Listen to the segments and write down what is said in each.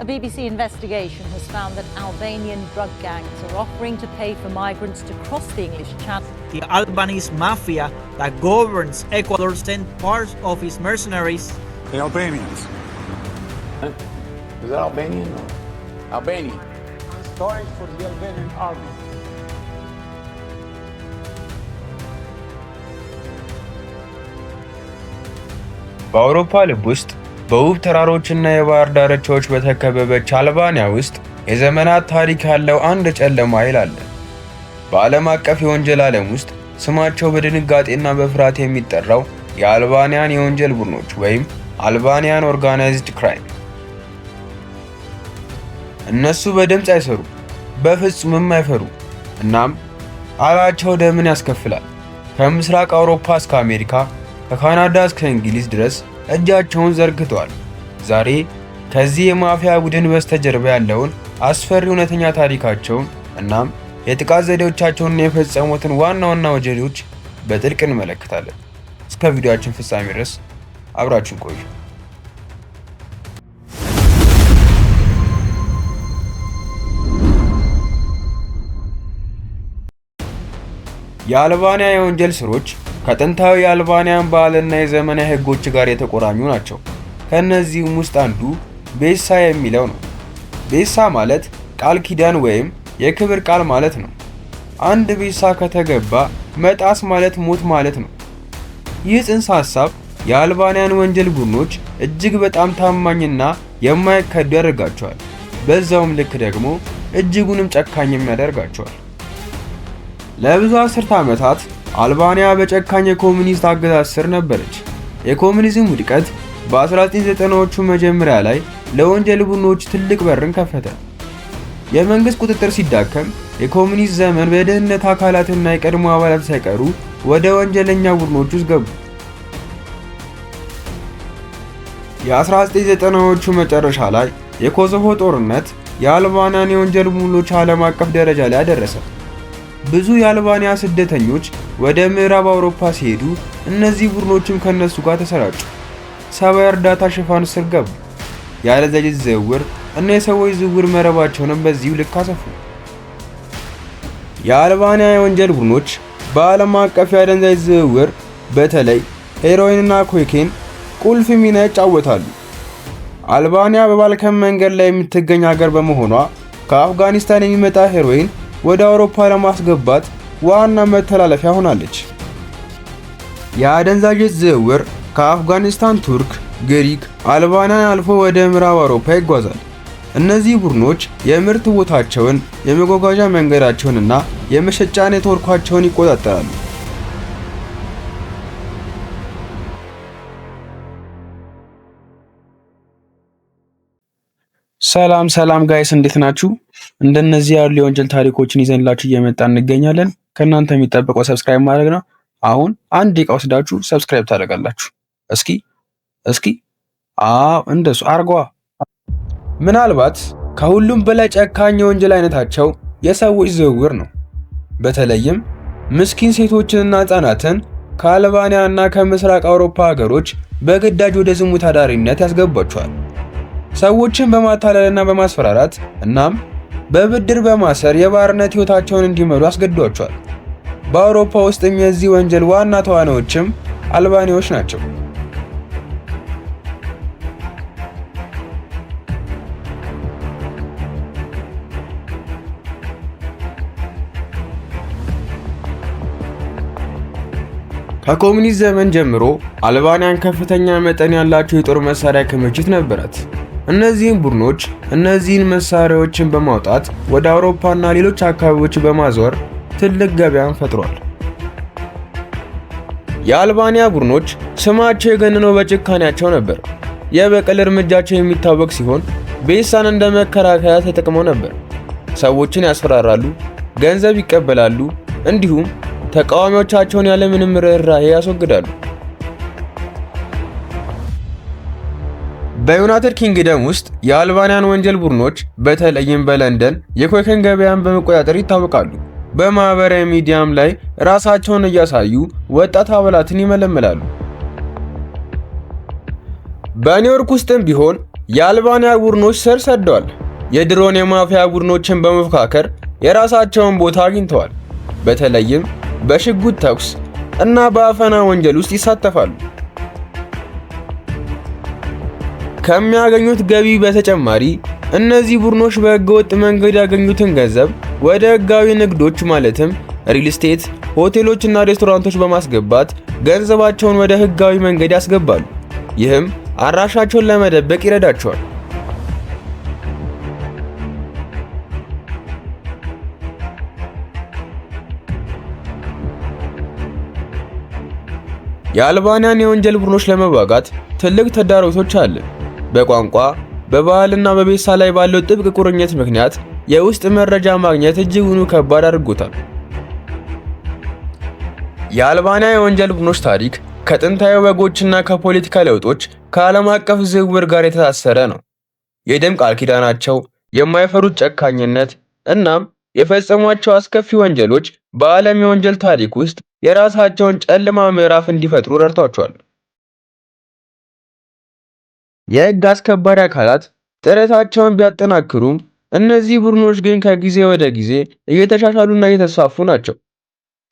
A BBC investigation has found that Albanian drug gangs are offering to pay for migrants to cross the English Channel. The Albanese mafia that governs Ecuador sent parts of its mercenaries. The Albanians. Huh? Is that Albanian? or? Albanian. Storage for the Albanian army. በአውሮፓ ልብ ውስጥ በውብ ተራሮችና የባህር ዳርቻዎች በተከበበች አልባንያ ውስጥ የዘመናት ታሪክ ያለው አንድ ጨለማ ኃይል አለ። በዓለም አቀፍ የወንጀል ዓለም ውስጥ ስማቸው በድንጋጤና በፍርሃት የሚጠራው የአልባንያን የወንጀል ቡድኖች ወይም አልባንያን ኦርጋናይዝድ ክራይም። እነሱ በድምፅ አይሰሩ፣ በፍጹምም አይፈሩ። እናም አላቸው ደምን ያስከፍላል። ከምስራቅ አውሮፓ እስከ አሜሪካ፣ ከካናዳ እስከ እንግሊዝ ድረስ እጃቸውን ዘርግተዋል። ዛሬ ከዚህ የማፊያ ቡድን በስተጀርባ ያለውን አስፈሪ እውነተኛ ታሪካቸውን እናም የጥቃት ዘዴዎቻቸውን የፈጸሙትን ዋና ዋና ወንጀሎች በጥልቅ እንመለከታለን። እስከ ቪዲዮአችን ፍጻሜ ድረስ አብራችን ቆዩ። የአልባንያ የወንጀል ስሮች ከጥንታዊ የአልባንያን ባህልና የዘመናዊ ህጎች ጋር የተቆራኙ ናቸው። ከእነዚህም ውስጥ አንዱ ቤሳ የሚለው ነው። ቤሳ ማለት ቃል ኪዳን ወይም የክብር ቃል ማለት ነው። አንድ ቤሳ ከተገባ መጣስ ማለት ሞት ማለት ነው። ይህ ጽንሰ ሐሳብ የአልባንያን ወንጀል ቡድኖች እጅግ በጣም ታማኝና የማይከዱ ያደርጋቸዋል። በዛውም ልክ ደግሞ እጅጉንም ጨካኝም ያደርጋቸዋል። ለብዙ አስርተ ዓመታት አልባንያ በጨካኝ የኮሙኒስት አገዛዝ ስር ነበረች። የኮሙኒዝም ውድቀት በ1990ዎቹ መጀመሪያ ላይ ለወንጀል ቡድኖች ትልቅ በርን ከፈተ። የመንግሥት ቁጥጥር ሲዳከም የኮሚኒስት ዘመን በደህንነት አካላትና የቀድሞ አባላት ሳይቀሩ ወደ ወንጀለኛ ቡድኖች ውስጥ ገቡ። የ1990ዎቹ መጨረሻ ላይ የኮሶቮ ጦርነት የአልባንያን የወንጀል ቡድኖች ዓለም አቀፍ ደረጃ ላይ አደረሰ። ብዙ የአልባንያ ስደተኞች ወደ ምዕራብ አውሮፓ ሲሄዱ እነዚህ ቡድኖችም ከነሱ ጋር ተሰራጩ። ሰባ እርዳታ ሽፋን ስር ገቡ። ያለ ዝውውር እና የሰዎች ዝውውር መረባቸውንም በዚሁ ልክ አሰፉ። የአልባንያ የወንጀል ቡድኖች በዓለም አቀፍ የአደንዛዥ ዝውውር በተለይ ሄሮይንና ኮኬን ቁልፍ ሚና ይጫወታሉ። አልባንያ በባልካን መንገድ ላይ የምትገኝ ሀገር በመሆኗ ከአፍጋኒስታን የሚመጣ ሄሮይን ወደ አውሮፓ ለማስገባት ዋና መተላለፊያ ሆናለች። የአደንዛዥ ዝውውር ከአፍጋኒስታን፣ ቱርክ፣ ግሪክ፣ አልባንያን አልፎ ወደ ምዕራብ አውሮፓ ይጓዛል። እነዚህ ቡድኖች የምርት ቦታቸውን፣ የመጓጓዣ መንገዳቸውንና የመሸጫ ኔትወርካቸውን ይቆጣጠራሉ። ሰላም ሰላም ጋይስ እንዴት ናችሁ? እንደነዚህ ያሉ የወንጀል ታሪኮችን ይዘንላችሁ እየመጣ እንገኛለን። ከእናንተ የሚጠበቀው ሰብስክራይብ ማድረግ ነው። አሁን አንድ ደቂቃ ወስዳችሁ ሰብስክራይብ ታደርጋላችሁ። እስኪ እስኪ አዎ እንደሱ አርጓ። ምናልባት ከሁሉም በላይ ጨካኝ የወንጀል አይነታቸው የሰዎች ዝውውር ነው። በተለይም ምስኪን ሴቶችንና ሕፃናትን ከአልባንያ እና ከምስራቅ አውሮፓ ሀገሮች በግዳጅ ወደ ዝሙት አዳሪነት ያስገባቸዋል። ሰዎችን በማታለልና በማስፈራራት እናም በብድር በማሰር የባርነት ሕይወታቸውን እንዲመሩ አስገድዷቸዋል። በአውሮፓ ውስጥም የዚህ ወንጀል ዋና ተዋናዮችም አልባኒዎች ናቸው። ከኮሙኒስት ዘመን ጀምሮ አልባንያን ከፍተኛ መጠን ያላቸው የጦር መሳሪያ ክምችት ነበራት። እነዚህን ቡድኖች እነዚህን መሳሪያዎችን በማውጣት ወደ አውሮፓና ሌሎች አካባቢዎች በማዞር ትልቅ ገበያን ፈጥሯል። የአልባኒያ ቡድኖች ስማቸው የገነነው በጭካኔያቸው ነበር። የበቀል እርምጃቸው የሚታወቅ ሲሆን ቤሳን እንደ መከላከያ ተጠቅመው ነበር። ሰዎችን ያስፈራራሉ፣ ገንዘብ ይቀበላሉ፣ እንዲሁም ተቃዋሚዎቻቸውን ያለምንም ርኅራሄ ያስወግዳሉ። በዩናይትድ ኪንግደም ውስጥ የአልባንያን ወንጀል ቡድኖች በተለይም በለንደን የኮከን ገበያን በመቆጣጠር ይታወቃሉ። በማህበራዊ ሚዲያም ላይ ራሳቸውን እያሳዩ ወጣት አባላትን ይመለመላሉ። በኒውዮርክ ውስጥም ቢሆን የአልባንያ ቡድኖች ስር ሰደዋል። የድሮን የማፊያ ቡድኖችን በመፎካከር የራሳቸውን ቦታ አግኝተዋል። በተለይም በሽጉጥ ተኩስ እና በአፈና ወንጀል ውስጥ ይሳተፋሉ። ከሚያገኙት ገቢ በተጨማሪ እነዚህ ቡድኖች በህገወጥ መንገድ ያገኙትን ገንዘብ ወደ ህጋዊ ንግዶች ማለትም ሪል ስቴት፣ ሆቴሎች እና ሬስቶራንቶች በማስገባት ገንዘባቸውን ወደ ህጋዊ መንገድ ያስገባሉ። ይህም አድራሻቸውን ለመደበቅ ይረዳቸዋል። የአልባንያን የወንጀል ቡድኖች ለመዋጋት ትልቅ ተዳሮቶች አለ። በቋንቋ በባህልና በቤሳ ላይ ባለው ጥብቅ ቁርኝት ምክንያት የውስጥ መረጃ ማግኘት እጅጉኑ ከባድ አድርጎታል። የአልባንያ የወንጀል ቡድኖች ታሪክ ከጥንታዊ ወጎችና ከፖለቲካ ለውጦች ከዓለም አቀፍ ዝውውር ጋር የተሳሰረ ነው። የደም ቃል ኪዳናቸው፣ የማይፈሩት ጨካኝነት እናም የፈጸሟቸው አስከፊ ወንጀሎች በዓለም የወንጀል ታሪክ ውስጥ የራሳቸውን ጨለማ ምዕራፍ እንዲፈጥሩ ረድቷቸዋል። የህግ አስከባሪ አካላት ጥረታቸውን ቢያጠናክሩም እነዚህ ቡድኖች ግን ከጊዜ ወደ ጊዜ እየተሻሻሉና እየተስፋፉ ናቸው።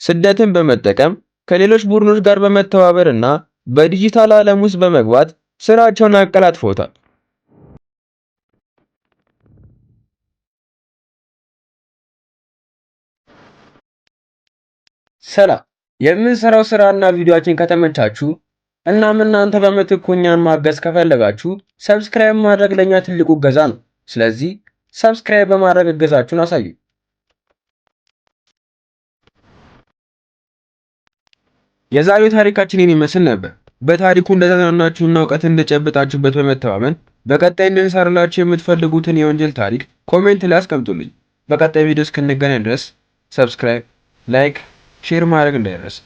ስደትን በመጠቀም ከሌሎች ቡድኖች ጋር በመተባበር እና በዲጂታል ዓለም ውስጥ በመግባት ስራቸውን አቀላጥፎታል። ሰላም፣ የምንሰራው ስራና ቪዲዮአችን ከተመቻችሁ እናም እናንተ በምትኩ እኛን ማገዝ ከፈለጋችሁ ሰብስክራይብ ማድረግ ለእኛ ትልቁ እገዛ ነው። ስለዚህ ሰብስክራይብ በማድረግ እገዛችሁን አሳዩ። የዛሬው ታሪካችን ይህን ይመስል ነበር። በታሪኩ እንደተዝናናችሁና እውቀት እንደጨበጣችሁበት በመተማመን በቀጣይ እንድንሰራላችሁ የምትፈልጉትን የወንጀል ታሪክ ኮሜንት ላይ አስቀምጡልኝ። በቀጣይ ቪዲዮ እስክንገናኝ ድረስ ሰብስክራይብ፣ ላይክ፣ ሼር ማድረግ እንዳይረሳ።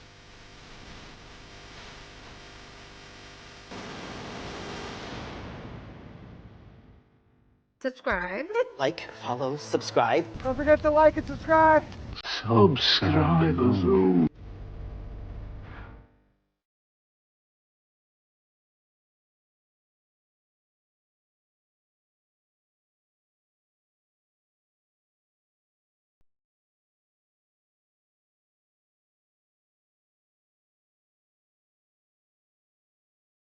subscribe. Like, follow, subscribe. Don't forget to like and subscribe. Subscribe.